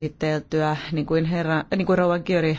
käsiteltyä, niin kuin, herra, niin kuin Rouvan Kiori